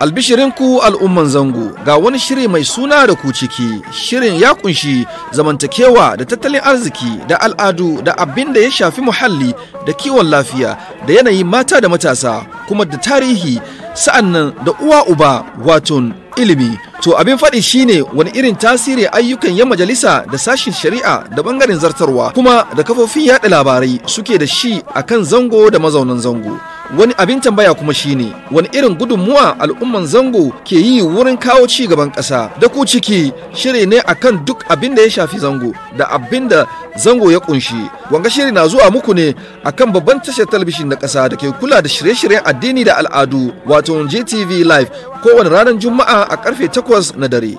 Albishirinku al'umman zango ga wani shiri mai suna da ku ciki, shirin ya kunshi zamantakewa da tattalin arziki da al'adu da abin da ya shafi muhalli da kiwon lafiya da yanayi mata da matasa kuma da tarihi sa'annan da uwa uba waton ilimi. To abin faɗi shine wani irin tasiri ayyukan yan majalisa da sashin shari'a da bangaren zartarwa kuma da kafofin yaɗa labarai suke da shi akan zango da mazaunan zango. wani abin tambaya kuma shine wani irin gudunmuwa al'umman zango ke yi wurin kawo ci gaban ƙasa da ku ciki shiri ne akan duk abin da ya shafi zango da abin da zango ya kunshi wanga shiri na zuwa muku ne akan babban tashar talabijin na ƙasa da ke kula da shirye-shiryen addini da al'adu wato GTV live kowane ranar juma'a a karfe 8 na dare.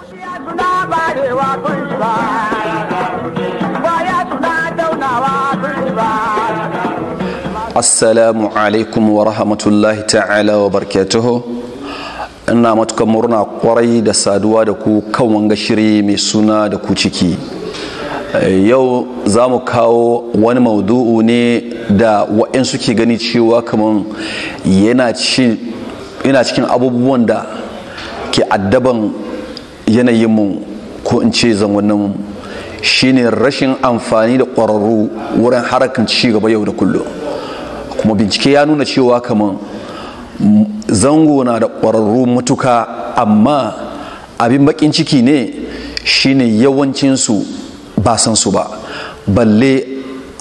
assalamu alaikum wa rahmatullahi ta'ala wa barkatuhu ina matukan murna kwarai da saduwa da ku kan wanga shiri mai suna da ku ciki yau za mu kawo wani maudu'u ne da wa'in suke gani cewa kamar yana cikin abubuwan da ke addaban yanayinmu ko in ce zangonninmu shine rashin amfani da ƙwararru wurin harakan ci gaba yau da kullum kuma bincike ya nuna cewa kamar zango na da ƙwararru matuka amma abin baƙin ciki ne shine yawancinsu ba san su ba balle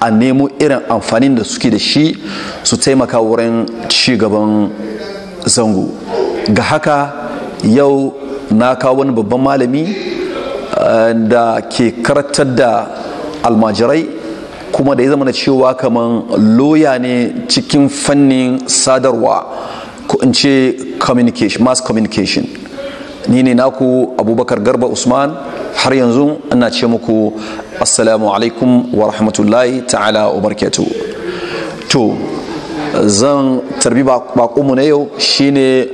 a nemo irin amfanin da suke da shi su taimaka wurin cigaban zango ga haka yau na kawo wani babban malami eh, da ke karatar da almajirai kuma da ya zama cewa kamar loya ne cikin fannin sadarwa ko in ce communication mass communication ni ne naku abubakar garba usman har yanzu ina ce muku assalamu alaikum wa rahmatullahi ta'ala wa barkatu to zan tarbi bakonmu na yau shine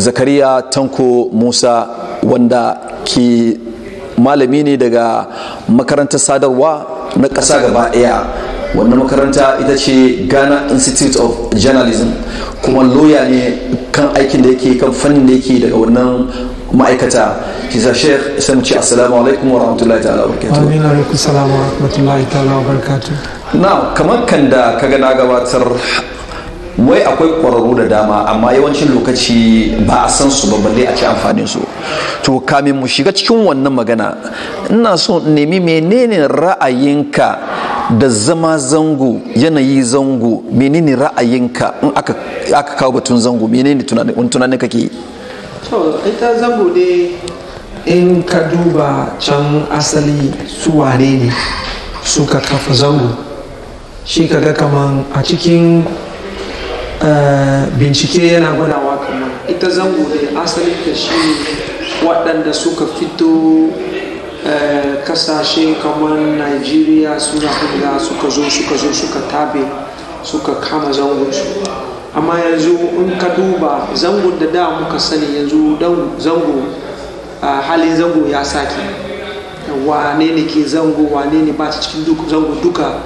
zakariya tanko musa wanda ke malami ne daga makarantar sadarwa na ƙasa gaba ɗaya wannan makaranta ita ce ghana institute of journalism kuma loya ne kan aikin da yake kan fannin da yake daga wannan ma'aikata kisa sheikh sai mu ce assalamu alaikum wa rahmatullahi ta'ala wa barakatuhu amin alaikum salamu wa rahmatullahi ta'ala wa barakatuhu na kamar kan da kaga na gabatar wai akwai kwararru da dama amma yawancin lokaci ba a san su ba balle a ci amfanin su to kamin mu shiga cikin wannan magana ina so nemi menene ra'ayinka da zama zango yanayi zango menene ra'ayinka in aka kawo batun zango menene tunanin kake ke. to ita zango ne in ka duba can asali su wane ne suka kafa zango shi kaga kaman a cikin Eh, bincike yana gwadawa kamar ita zango ne asalin ta shi waɗanda suka fito eh, kasashe kamar nigeria suna hulga suka zo suka zo suka tabe suka kama su amma yanzu in ka duba zangon da da muka sani yanzu zango eh, halin zango ya sake wane ne ke zango wane ne ba cikin zango duka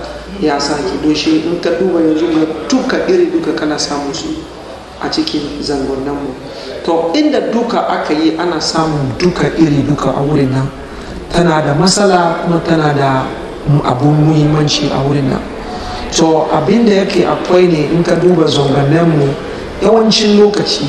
ya sake shi in ka duba yanzu mai duka iri duka kana samu su a cikin zangonninmu to inda duka aka yi ana samun duka iri duka a wurin nan tana da matsala kuma tana da abun muhimmanci a wurin nan to abinda yake akwai ne in ka duba zangonninmu yawancin lokaci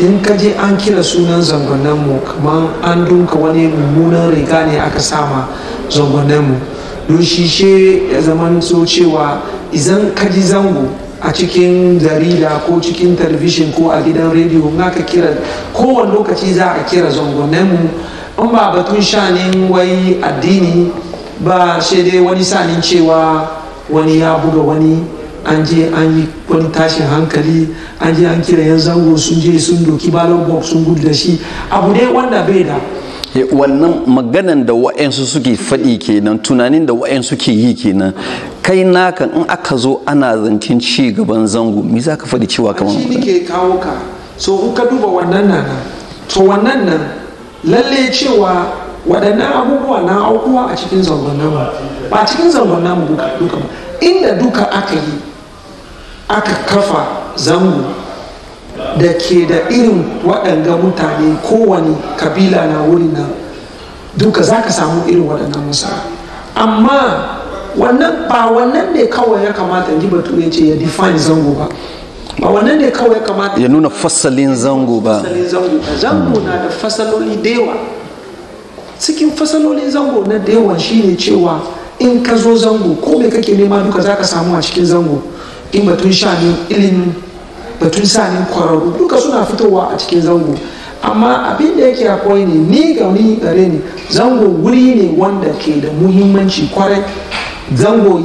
in ka je an kira sunan zangonninmu kamar an dunka wani mummunan riga ne aka sama zangonninmu don shi she ya so cewa izan kaji zango a cikin jarida ko cikin talabishin ko a gidan rediyo na ka kira kowane lokaci za a kira mu in ba batun shanin wai addini ba shi dai wani sanin cewa wani ya buga wani an je an yi wani tashin hankali an je an kira yan zango sun je sun doki balon box sun gudu da shi abu dai wanda bai da Eh, wannan maganan da wa'ansu suke faɗi kenan tunanin da wa'ansu ke yi kenan kai naka in aka zo ana zancen ci gaban zango me za ka faɗi cewa kamar shi ke kawo ka so in ka duba wannan nan to wannan nan lalle cewa waɗannan abubuwa na aukuwa a cikin zangon namu ba cikin zangon namu duka duka inda duka aka yi aka kafa zango da ke da irin waɗanga mutane kowane kabila na wuri nan duka za ka samu irin waɗannan musa amma wannan ba wannan ne kawai ya kamata ji batu ya ce ya define zango ba ba wannan ne kawai ya kamata ya nuna fasalin zango ba zango na da fasaloli dewa cikin fasalolin zango na shi shine cewa in ka zo zango ko me kake nema duka za ka samu a cikin zango in batun sha ne ilimin batun sanin kwararru duka suna fitowa a cikin zango amma abin da yake akwai ne ni ga ni gare ni zango wuri ne wanda ke da muhimmanci kwarai zango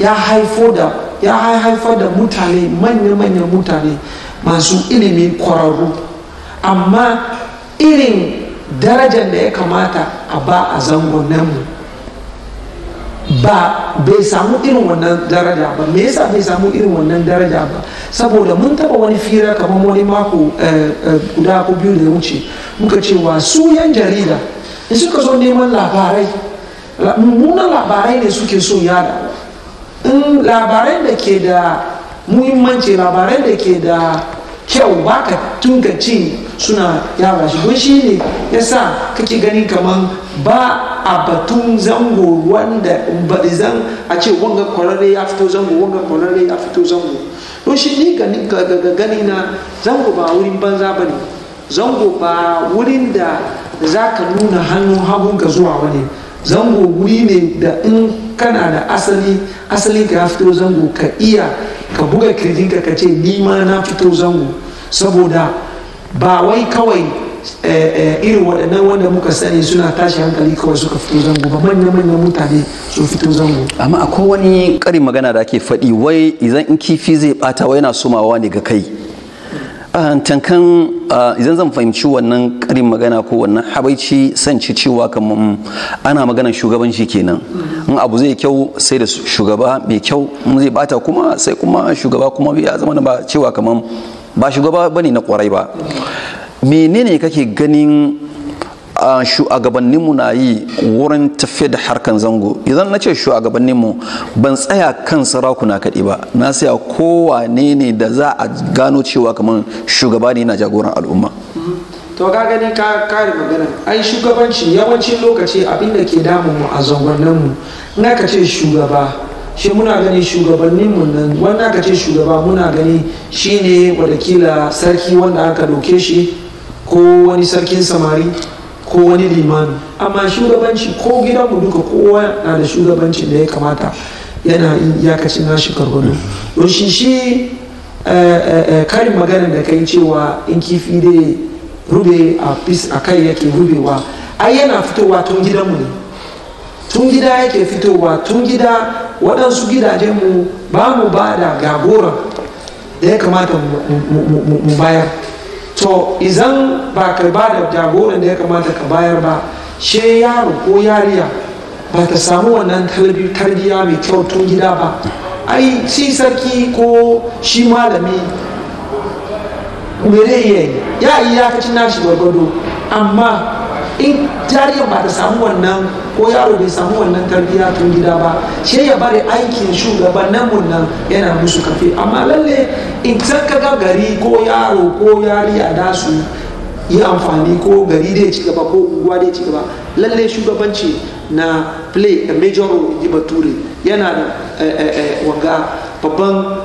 ya haifo da ya haifar da mutane manya-manyan mutane masu ilimin kwararru amma irin darajar da ya kamata a ba a zangon namu ba bai samu irin wannan daraja ba me yasa bai samu irin wannan daraja ba saboda mun taba wani fira kamar wani mako eh, eh, guda ko biyu da wuce muka cewa su yan jarida in suka zo neman labarai mummunan labarai ne suke so yada in labarai da ke da muhimmanci labarai da ke da kyau ba ka suna yara shi don shi ne yasa kake gani kamar ba a batun zango wanda zan a ce wanga kwararre ya fito zango wanga kwararre ya fito zango don shi ni ga gani na zango ba wurin banza ba ne zango ba wurin da za ka nuna hannun hagu ga zuwa wani zango wuri ne da in kana da asali asali ka fito zango ka iya ka buga kirjinka ka ce ni ma na fito zango saboda ba wai kawai Eh, eh, irin waɗannan wanda muka sani suna tashi hankali kawai suka fito zango ba manya-manyan mutane su fito zango amma akwai wani ƙarin magana da ake faɗi wai idan in kifi zai ɓata wai yana sumawa ne ga kai tankan idan zan fahimci wannan ƙarin magana ko wannan habaici san ci cewa kamar mm, ana maganar shugabanci kenan in abu zai kyau sai da shugaba mai kyau in zai bata kuma sai kuma shugaba kuma ya zama ba cewa kamar ba shugaba bane na kwarai ba menene kake ganin shugabanninmu na yi wurin tafiya da harkan zango idan na ce shugabanninmu ban tsaya kan sarakuna kaɗi ba na saya kowane ne da za a gano cewa kamar shugaba ne na jagoran al'umma to ka gani ka kare magana ai shugabanci yawancin lokaci abinda ke damun mu a zangonninmu na ka ce shugaba shi muna gani shugabannin mu nan wanda aka ce shugaba muna gani shine wadakila sarki wanda aka doke shi ko wani sarkin samari ko wani limami amma shugabanci ko gidanmu duka kowa na da shugabancin da ya kamata yana iyakacin nashi kargano don shi shi eh, eh, eh, karin magana da kai cewa in kifi dai rube a kai yake rubewa ai yana fitowa tun gidanmu ne tun gida yake fitowa tun gida waɗansu gidajenmu ba mu ba da gagora da ya kamata mu bayar to izan ba ka ba da jagoran da ya kamata ka bayar ba she yaro ko yariya ba ta samu wannan tarbiyya mai kyau tun gida ba ai shi sarki ko shi malami mere iya yi ya yi ya nashi gwargwado amma in jariyar ba ta samu wannan ko yaro bai samu wannan tarbiyya tun gida ba shi ya bari aikin shugabannin mun nan yana musu kafe amma lalle in can ka gari ko yaro ko yari a dasu yi amfani ko gari dai ci gaba ko unguwa dai ci gaba lalle shugabanci na play a major role in ji ture yana da eh, eh, eh, wanga babban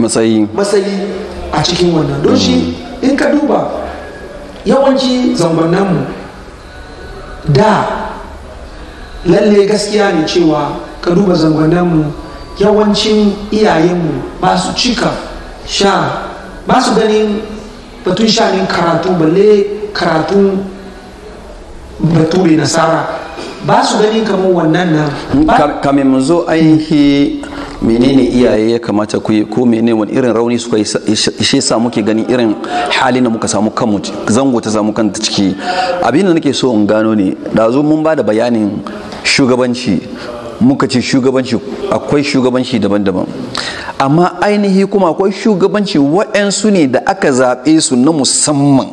matsayi matsayi a cikin wannan don shi mm. in ka duba yawanci zangonninmu da lalle gaskiya ne cewa ka duba zangonninmu yawancin iyayenmu ba su cika sha ba su ganin batun shanin karatu balle karatun bature nasara ba su ganin kamar wannan nan kamin mu zo ainihi menene iyaye ya kamata ku yi ko menene wani irin rauni suka yi shi sa muke gani irin halin da muka samu kanmu zango ta samu kanta ciki abin da nake so in gano ne dazu mun bada bayanin shugabanci muka ce shugabanci akwai shugabanci daban-daban amma ainihi kuma akwai shugabanci waɗansu ne da aka zaɓe su na musamman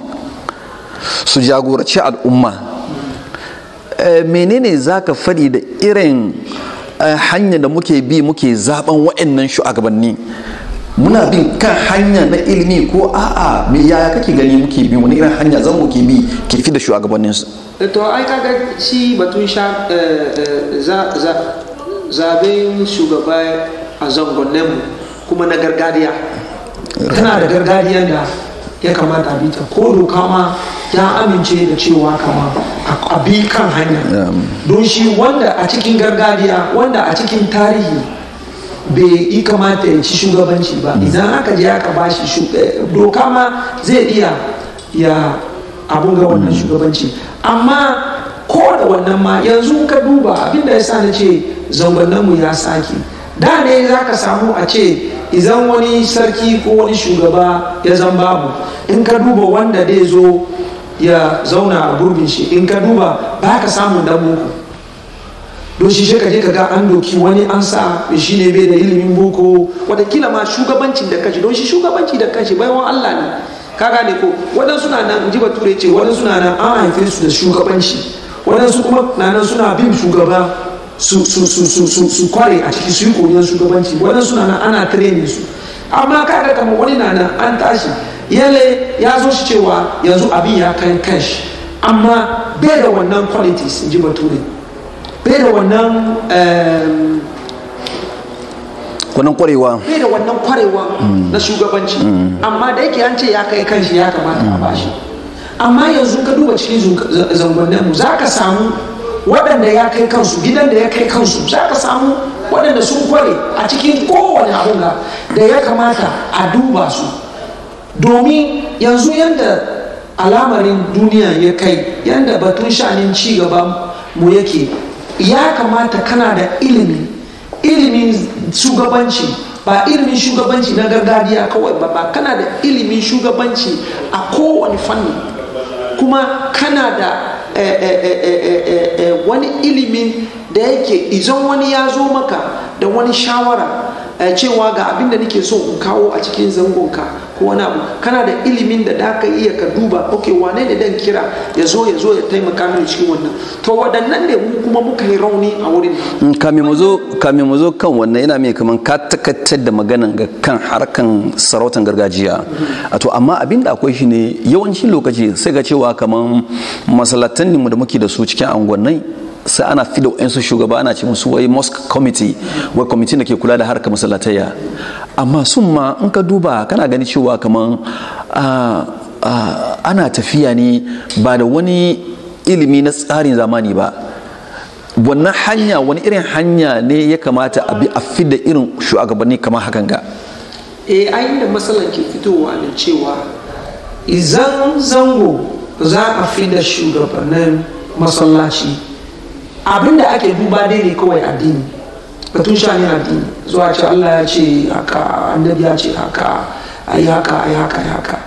su jagoraci al'umma eh, menene za ka faɗi da irin Eh, hanyar da muke bi muke zaben wa'annan shugabanni muna bin kan hanya na ilimi ko a'a mai yaya kake gani muke bi wani irin hanya zan muke bi ke fi da shugabannin su eh, to ai kaga shi batun sha eh, zaben shugaba a zangonnen kuma na gargadiya? tana da gargadiya da ya kamata a bi ko doka ma ya amince da cewa kama a bi kan hanya don shi wanda a cikin gargajiya wanda a cikin tarihi bai yi kamata ya ci shugabanci ba mm. idan aka je aka ba shi eh, doka ma zai iya ya abun ga wannan mm. shugabanci amma ko da wannan ma yanzu ka duba abinda ya sa na ce zangonninmu ya sake da ne za ka samu a ce idan wani sarki ko wani shugaba ya zan babu in ka duba wanda dai zo ya zauna a gurbin shi in ka duba ba ka samun dan boko don shi shi je ka ga an doki wani an sa shi ne bai da ilimin boko kila ma shugabancin da kashi don shi shugabanci da kashi baiwan allah ne ka gane ko waɗansu na nan ji bature ce waɗansu na nan an haife su da shugabanci waɗansu kuma na nan suna bin shugaba su kware a ciki su yi koyon shugabanci wannan suna nan ana tireni su amma kaga kamar wani na nan an tashi yale ya zo shi cewa yanzu abin ya kai kashi amma bai da wannan qualities in ji bature bai da wannan eh, wannan kwarewa bai da wannan kwarewa mm. na shugabanci mm. amma da yake an ce ya kai kanshi ya kamata a bashi amma yanzu ka duba cikin zangonninmu za ka samu waɗanda ya kai kansu gidan da ya kai kansu za ka samu waɗanda sun kware a cikin kowane abunga da ya kamata a duba su domin yanzu yadda alamarin duniya ya kai yadda batun shanin ci gaba mu yake ya kamata kana da ilimi ilimin shugabanci ba ilimin shugabanci na gargajiya kawai ba ba kana da ilimin shugabanci a kowane fanni kuma kana da Eh, eh, eh, wani ilimin da yake izon wani ya zo maka da wani shawara Eh, cewa ga abin da nake so in kawo a cikin zangonka ko wani abu kana da ilimin da da ka iya ka duba ok wane ne dan kira ya zo ya zo ya taimaka mini cikin wannan to waɗannan ne mu kuma muka yi rauni a wurin mm, kame mu zo kan wannan yana mai kaman ka takaitar da magana ga kan harkan sarautan gargajiya mm-hmm. a to amma abin da akwai shi ne yawancin lokaci sai ga cewa kamar masalatan mu da muke da su cikin anguwannai sai ana fida wa'yansu shugaba ana ce musu wai mosque committee wai committee da ke kula da harkar masallataya amma sun ma in ka duba kana gani cewa kamar ana tafiya ne ba da wani ilimi na tsarin zamani ba wannan hanya wani irin hanya ne ya kamata a bi a fida irin shugabanni kamar hakan ga eh ayin da matsalar ke fitowa da cewa izan zango za a fida shugabannin masallaci Abin da ake duba dai ne kawai addini batun shani addini zuwa ce Allah ya ce haka annabi ya ce haka ayi haka ayi haka ya haka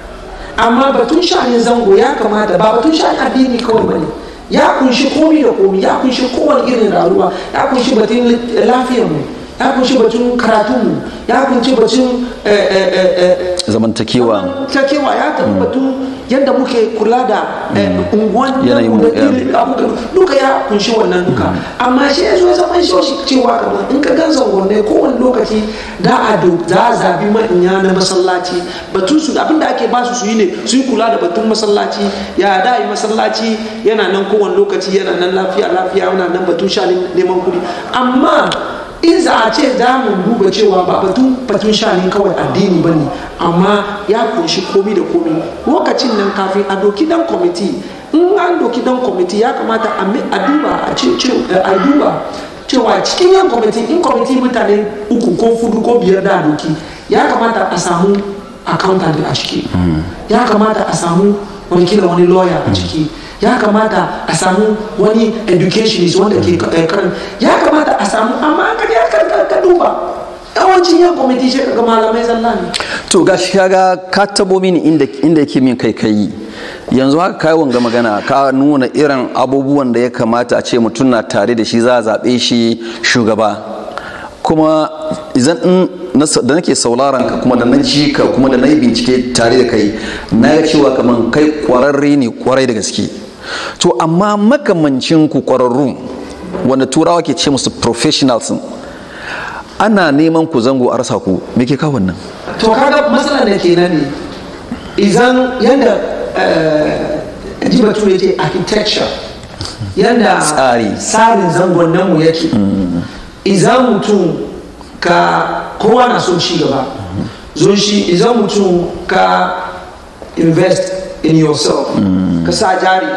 amma batun shani zango ya kamata ba batun shani addini kawai bane ya kunshi komi da komi ya kunshi kowane irin rayuwa ya kunshi batun lafiyar mu ya kunshi batun karatu ya kunshi batun eh, eh, eh, zamantakewa zamantakewa ya tafi hmm. batun yadda muke kula da hmm. unguwan yanayin duka ya kunshi wannan duka hmm. amma shi ya zo ya zama shi cewa kamar in ka gansa wanne kowane lokaci da a za a zabi ma'inya na masallaci batun su abinda ake ba su su yi ne su yi kula da batun masallaci ya da yi masallaci yana nan kowane lokaci yana nan lafiya lafiya yana nan batun sha neman kuɗi amma in za a ce za mu duba cewa ba batun batun shanin kawai addini ba ne amma ya kunshi komi da komi lokacin nan kafin a doki dan kwamiti in an doki dan kwamiti ya kamata a duba a duba cewa cikin yan kwamiti in kwamiti mutane uku ko fudu ko biyar da doki ya kamata a samu accountant a ciki mm. ya kamata a samu wakilin wani lawyer a ciki ya kamata a samu wani educationist wanda ke karin ya kamata a samu amma ka ya ka duba yawancin yan kwamiti shi kaga malamai zalla ne to ga shi kaga ka tabo mini inda yake min kai kai yanzu haka kai wanga magana ka nuna irin abubuwan da ya kamata a ce mutum na tare da shi za a zaɓe shi shugaba kuma idan da nake sauraron ka kuma da na ji ka kuma da na yi bincike tare da kai na ga cewa kamar kai kwararre ne kwarai da gaske to amma makamancin ku ƙwararru wanda turawa ke ce musu professionals ana neman ku zango a rasa ku me ke kawo nan to kaga matsalar da ke nan izan yanda eh, jiba ture ce architecture yanda tsarin zangon nan mu yake izan mutum ka kowa na son ci gaba zon shi izan mutum ka invest in yourself mm. ka sa jari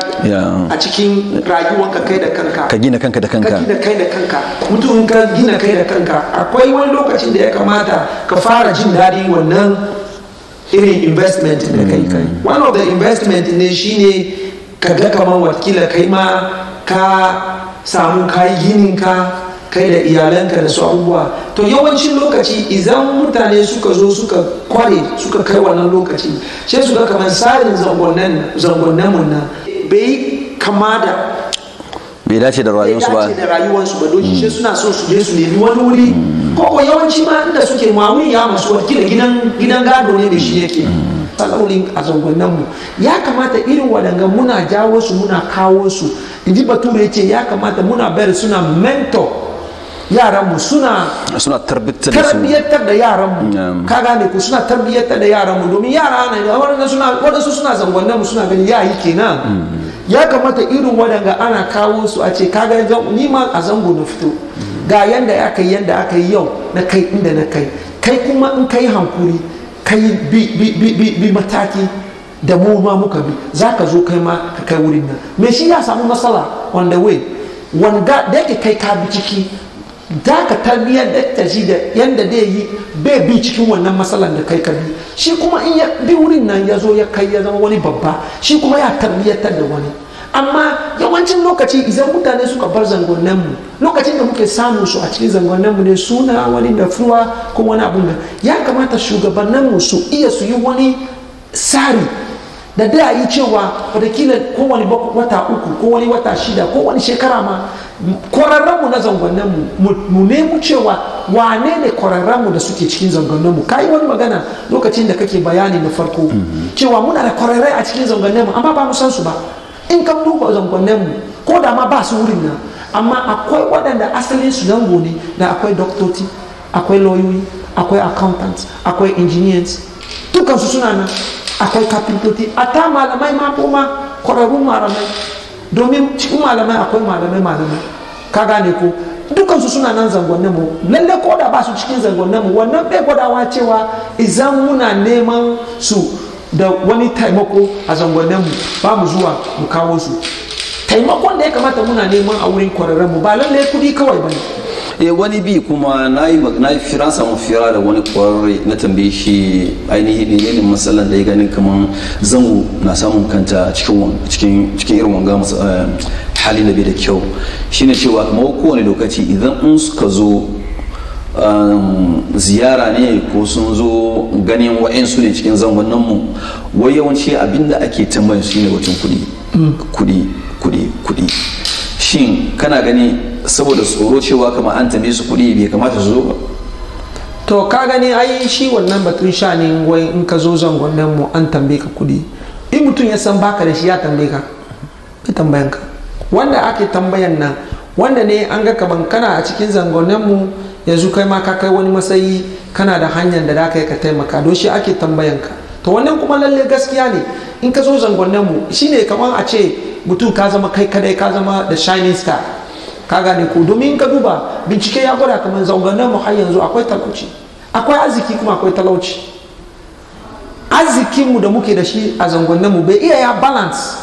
a cikin ka kai da kanka ka gina kanka da kanka ka gina kai da kanka mutum ka gina kai da kanka akwai wani lokacin da ya kamata ka fara jin daɗi wannan irin investment da mm. kai one of the investment ne shine ka ga kamar watakila kai ma ka samu kayi ginin ka kai da iyalanka da su abubuwa to yawancin lokaci idan mutane suka zo suka kware suka kai wannan lokaci sai su ga kamar tsarin zangonnen mun nan bai kama da bai dace da rayuwarsu ba da rayuwarsu ba don hmm. shi suna so su je su nemi wani wuri hmm. ko yawanci ma inda suke mamun ya masu wakil gidan gidan gado ne da shi yake matsalolin hmm. a mu. ya kamata irin waɗanga muna jawo su muna kawo su in ji bature ce ya kamata muna bayar suna mentor yaranmu suna suna tarbiyyantar da yaranmu ka gane ku suna tarbiyyantar da yaranmu domin yara na waɗanda suna waɗansu suna zangonnan mu suna gani yayi kenan mm. ya kamata irin waɗanda ana kawo su a ce kaga ni ma a zango na fito ga yanda aka yi yanda aka yi yau na kai inda na kai kai kuma in kai hankuri kai bi mataki da mu ma muka bi za ka zo kai ma ka kai wurin nan me shi ya samu matsala on the way. wanda da yake kai ka bi ciki da ka tarbiyyar da ji da yadda yi bai bi cikin wannan matsalar da kai ka bi shi kuma in ya bi wurin nan ya zo ya kai ya zama wani babba shi kuma ya tarbiyyatar da wani amma yawancin lokaci idan mutane suka bar zangonnen mu lokacin da muke samun su a cikin zangonnen mu ne suna wani da ko wani abun da ya kamata shugabannin mu su iya su yi wani tsari da da yi cewa watakila kowane wata uku ko wata shida ko wani shekara ma kwararrenmu na zangonninmu mu nemu cewa wane ne kwararrenmu da suke cikin zangonninmu ka yi wani magana lokacin da kake bayani na farko cewa muna da kwararre a cikin zangonninmu amma ba mu san su ba in kan duba zangonninmu ko da ma ba su wurin nan amma akwai waɗanda asalin su zango ne da akwai doktoti akwai lauyoyi akwai accountants akwai engineers dukansu suna nan akwai kafintoti a ta malamai ma kuma kwararrun malamai domin cikin malamai akwai malamai malamai ka gane ko dukansu suna nan zangonnin mu lalle ko da ba su cikin zangonnin mu wannan bai gwadawa cewa idan muna neman su da wani taimako a zangonnin mu ba mu zuwa mu kawo su taimakon da ya kamata muna neman a wurin kwararren mu ba lalle kudi kawai ne. eh wani bi kuma na yi fira samun fira da wani kwararre na tambaye shi ainihin ne matsalan da ya ganin kamar zango na samun kanta cikin irin wanga eh, hali na bai da kyau shi ne cewa kamar kowane lokaci idan in suka zo um, ziyara ne ko sun zo ganin wa'insu ne cikin zangonnan mu wai yawanci abinda ake tambayin su ne wacin kudi mm. kudi kudi kudi shin kana gani saboda tsoro cewa kama an tambaye su kuɗi bai kamata su zo ba to ka gani ai shi wannan batun sha ne wai in ka zo zangon nan mu an tambaye ka kuɗi in mutum ya san baka da shi ya tambaye ka ya tambayan ka wanda ake tambayan nan wanda ne an ga kaman kana a cikin zangonnen mu yanzu kai ma ka kai wani matsayi kana da hanyar da zaka yi ka taimaka don shi ake tambayan ka to wannan kuma lalle gaskiya ne in ka zo zangonnen mu shine kamar a ce mutum ka zama kai kadai ka zama da shining star ka gane ku domin ka duba bincike ya gwada kamar zanganen mu har yanzu akwai talauci akwai arziki kuma akwai talauci arzikinmu da muke da shi a zangonnen mu bai iya ya balance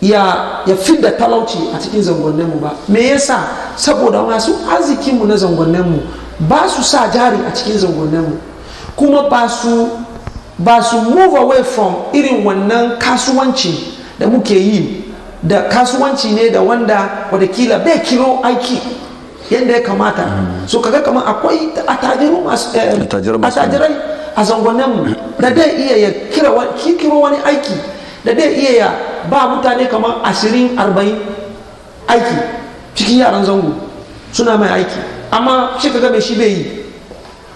ya ya da talauci a cikin zangonnen mu ba me yasa saboda masu arzikin mu na zangonnen mu ba su sa jari a cikin zangonnen mu kuma ba su ba su move away from irin wannan kasuwanci da muke yi da kasuwanci ne da wanda wadakila bai kiro aiki yadda ya kamata mm. so kaga kamar akwai atajirai eh, a zangonin da dai iya ya kiro wani aiki da dai iya ya ba mutane kamar ashirin arba'in aiki cikin yaran zango suna mai aiki amma shi kaga mai shi bai yi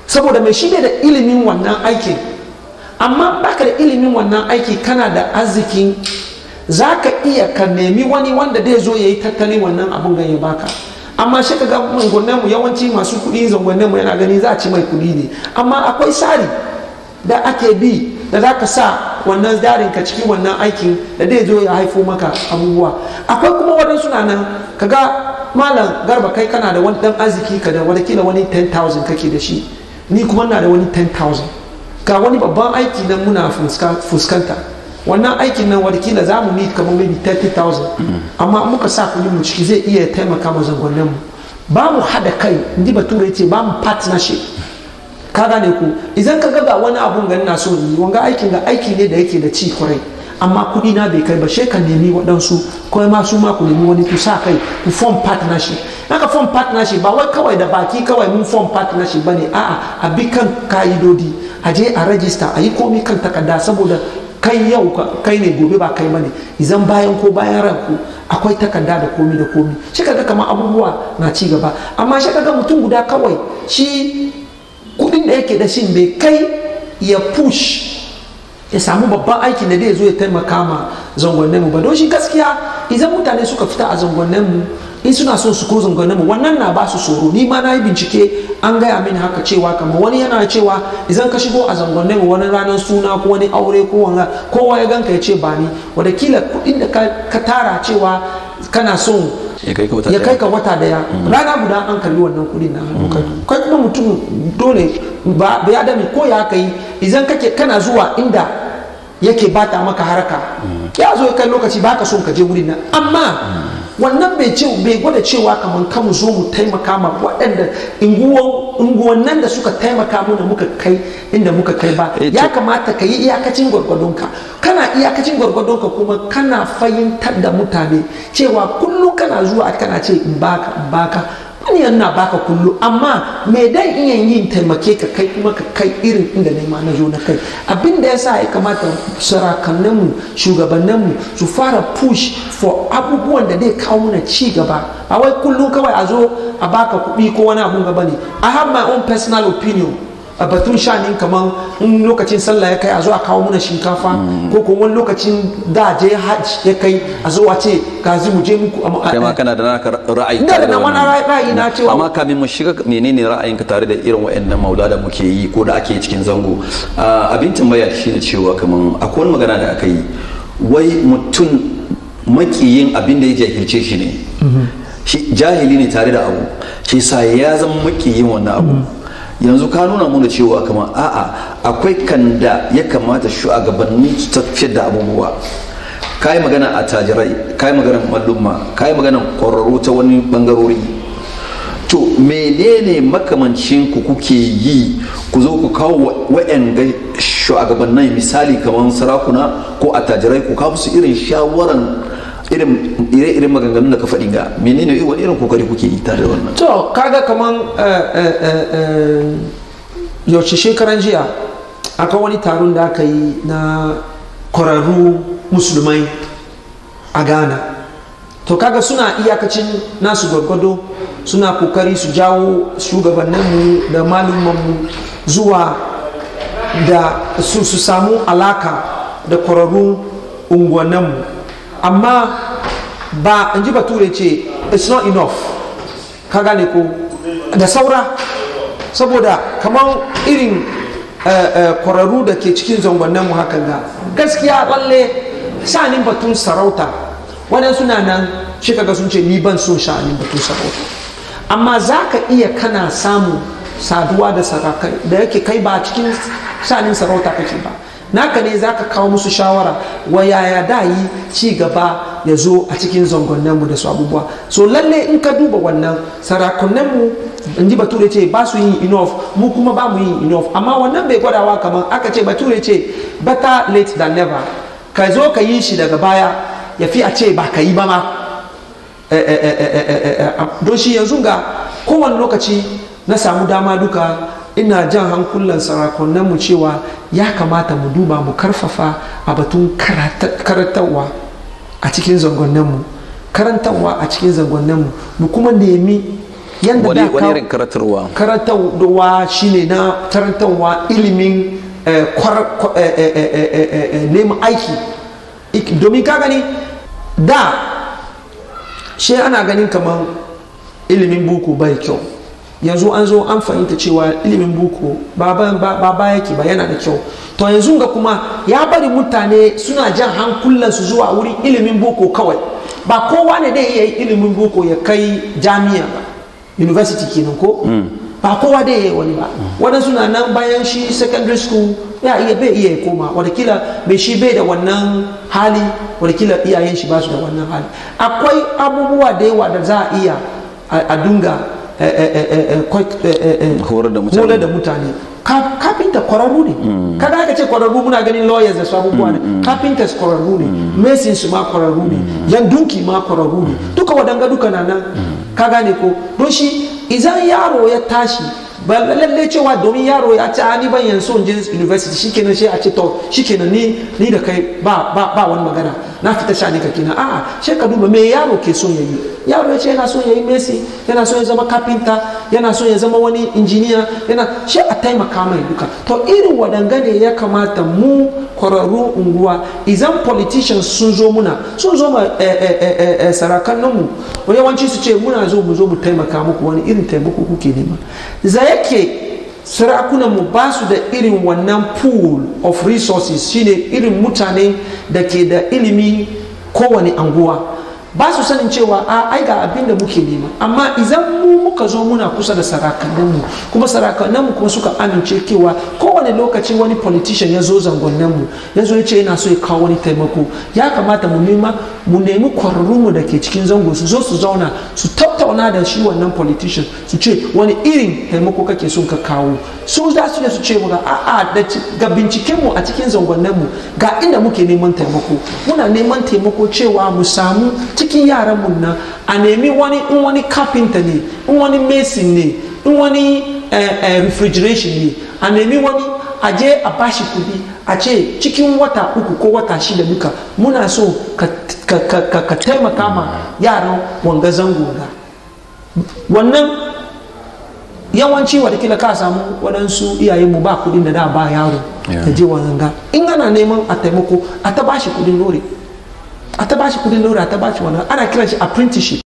saboda mai shi bai da ilimin wannan aiki. amma baka da ilimin wannan aiki kana da arzikin za ka iya ka nemi wani wanda dai zo ya yi tattalin wannan abin gan ya baka amma shi ka ga zangonnen mu yawanci masu kuɗi zangonnen mu yana gani za a ci mai kuɗi ne amma akwai tsari da ake bi da za ka sa wannan zarin ka cikin wannan aikin da dai zo ya haifo maka abubuwa akwai kuma wadansu na nan ka ga malam garba kai kana da wani ɗan arziki ka da wani kila wani 10,000 kake da shi ni kuma na da wani 10,000 ga wani babban aiki nan muna fuskanta wannan aikin nan wadakila za mu need kamar maybe 30,000 amma muka sa kuɗi mu ciki zai iya taimaka mu zangonnen mu ba mu haɗa kai ndi bature ce ba mu partnership ka gane ku idan ka ga wani abun gani na so yi wanga aikin ga aiki ne da yake da ci kwarai amma kuɗi na bai kai ba shi ka nemi waɗansu ko ma su ma ku nemi wani ku sa kai ku form partnership ka form partnership ba wai kawai da baki kawai mun form partnership ba ne a'a a bi kan ka'idodi a je a rajista a yi komi kan takarda saboda kai yau kai ne gobe ba kai bane izan bayan ko bayan ranku akwai takarda da komi da komi shi kaga kamar abubuwa na ci gaba amma shi kaga mutum guda kawai shi kudin da yake da shin bai kai ya push ya samu babban aiki da zai zo ya taimaka ma zangonnin mu ba don shi gaskiya idan mutane suka fita a zangonnin mu in suna so su ko kozin mu wannan na ba su tsoro ni ma na yi bincike an gaya mini haka cewa kamar wani yana cewa idan ka shigo a zangonnin mu wani ranar suna ko wani aure ko wani kowa ya ganka ya ce ba ni kila kuɗin da ka tara cewa kana son ya kai ka wata daya mm. rana guda an kalli wannan kudin na hannu mm. kai kuma mutum dole ba ya dami ko ya kai idan kake kana zuwa inda yake bata maka haraka mm. ya zo kai lokaci baka son ka je wurin nan amma wannan bai ce bai gwada cewa kamar kamu zo mu taimaka ma waɗanda unguwannan da suka taimaka mana muka kai inda muka kai ba eh, ya kamata ka yi iyakacin gwargwadonka kana iyakacin gwargwadonka kuma kana fahimtar da mutane cewa kullum kana zuwa kana ce in baka in baka har yanzu na baka kullu amma me dan iya yin taimake ka kai kuma ka kai irin inda ne ma na zo na kai abin da yasa ya kamata shugabannin shugabanninmu su fara push for abubuwan da zai kawo mana ci gaba a wai kullu kawai a zo a baka kuɗi ko wani abun gaba ne i have my own personal opinion a batun ne kaman in lokacin sallah ya kai a zo a kawo muna shinkafa ko kuma wani lokacin da je hajj ya kai a zo a ce gazi mu je muku a kai ma eh, kana da naka ra'ayi tare da wani ra'ayi na cewa amma kamin mu shiga menene ra'ayinka tare da irin wayannan maula da muke yi ko da ake cikin zango ah, abin tambaya ne cewa kaman akwai wani magana da aka yi wai mutum makiyin abin da ya jahilce shi ne mhm. shi jahili ne tare da abu shi sa ya zama makiyin wannan abu mhm. yanzu ka nuna mana cewa kama a'a akwai kanda ya kamata shugabanni su tafiyar da abubuwa ka yi magana a tajirai ka magana mallum'a ka magana kwararru ta wani bangarori to menene makamancin ku kuke yi ku zo ku kawo wa'yanga shugabannin misali kamar sarakuna ko a tajirai ku kawo su irin shawaran irin ire maganganun da ka faɗi ga menene wani irin kokari kuke yi tare da wannan to kaga kaman eh, eh, eh, yaushe shekaran jiya aka wani taron da aka yi na kwararru musulmai a ghana to kaga suna iyakacin nasu gwargwado suna kokari su jawo shugabanninmu da malumanmu zuwa da su, samu alaka da kwararrun unguwanninmu amma ba in ji bature ce it's not enough ka gane ko da saura saboda kamar irin eh, eh, kwararru da ke cikin zangonnan mu hakan ga gaskiya lalle sha'anin batun sarauta waɗansu na nan shi kaga sun ce ni ban son sha'anin batun sarauta amma za ka iya kana samu saduwa da sarakai da yake kai ba cikin sha'anin sarauta kake ba naka ne za ka kawo musu shawara wa yaya da yi ci gaba ya zo a cikin zangonninmu da su abubuwa so lalle in ka duba wannan sarakunanmu in ji bature ce ba su yin enough mu kuma ba mu yin enough amma wannan bai gwadawa kamar aka ce bature ce better late than never ka zo ka yi shi daga baya ya fi a ce ba ka yi ba ma don shi yanzu ga kowane lokaci na samu dama duka ina jan hankulan sarakunanmu cewa ya kamata mu duba mu karfafa a batun karantarwa a cikin zangonninmu karantarwa a cikin zangonninmu mu kuma nemi yadda da karantarwa karantarwa shine na karantarwa ilimin neman aiki domin ka gani da shi ana ganin kamar ilimin buku bai kyau yanzu an zo an fahimta cewa ilimin boko ba ba yake ba yana da kyau to yanzu ga kuma ya bari mutane suna jan hankulansu zuwa wurin ilimin boko kawai ba kowa ne dai iya ilimin boko ya kai jami'a ba university kenan ko mm. ba kowa dai yayi wani ba mm. waɗansu suna nan bayan shi secondary school ya iya bai iya ya koma wadakila bai shi bai da wannan hali wadakila iyayen shi ba su da wannan hali akwai abubuwa da yawa da za a iya a dunga Eh, eh, eh, hore da mutane kafinta kwararru ne kaga mm. aka ce kwararru muna ganin lawyers da su abubuwa ne mm, mm. kafintas kwararru ne mesin su ma kwararru ne yan dunki ma kwararru ne duka wadanga duka na nan ka gane ko don shi idan yaro ya tashi ba lalle cewa domin yaro ya ce ah, ni ban yanzu in je university shikenan shi a ce to shikenan ni da kai ba ba wani magana na fita shani ka kina a'a she ka duba me yaro ke son yayi yaro ya ce yana son yayi Messi yana son ya zama kafinta yana son ya zama wani injiniya yana she a taimaka mai duka to irin wadanga ne ya kamata mu kwararru unguwa izan politician sun zo muna sun zo ma eh, eh, eh, sarakan mu yawanci su ce muna zo mu zo mu taimaka muku wani irin taimako kuke nema za yake mu ba su da irin wannan pool of resources shine irin mutane da ke da ilimi kowane anguwa ba su sanin cewa a ai ga abin da muke nema amma idan mu muka zo muna kusa da sarakanninmu kuma sarakanninmu kuma suka amince cewa kowane lokaci wani politician ya zo mu ya zo ya ce yana so ya kawo wani taimako ya kamata mu nema mu nemi mu da ke cikin zango su zo su zauna su tattauna da shi wannan politician su ce wani irin taimako kake son ka kawo su za su ne su ce mu ga a'a da ga binciken mu a cikin mu ga inda muke neman taimako muna neman taimako cewa mu samu cikin yaran mun nan a nemi wani in wani kafinta ne in wani mesin ne in wani eh, eh, refrigeration ne a nemi wani a je a bashi kuɗi a ce cikin wata uku ko wata shida duka muna so ka taimaka ma yaran wanga zango wannan yawanci kila ka samu waɗansu iyayen mu ba kudin da da ba yaro ta je wanga in ana neman a taimako a ta bashi kuɗin nore a ta bashi kudin lura ta shi wani ana kiran shi apprenticeship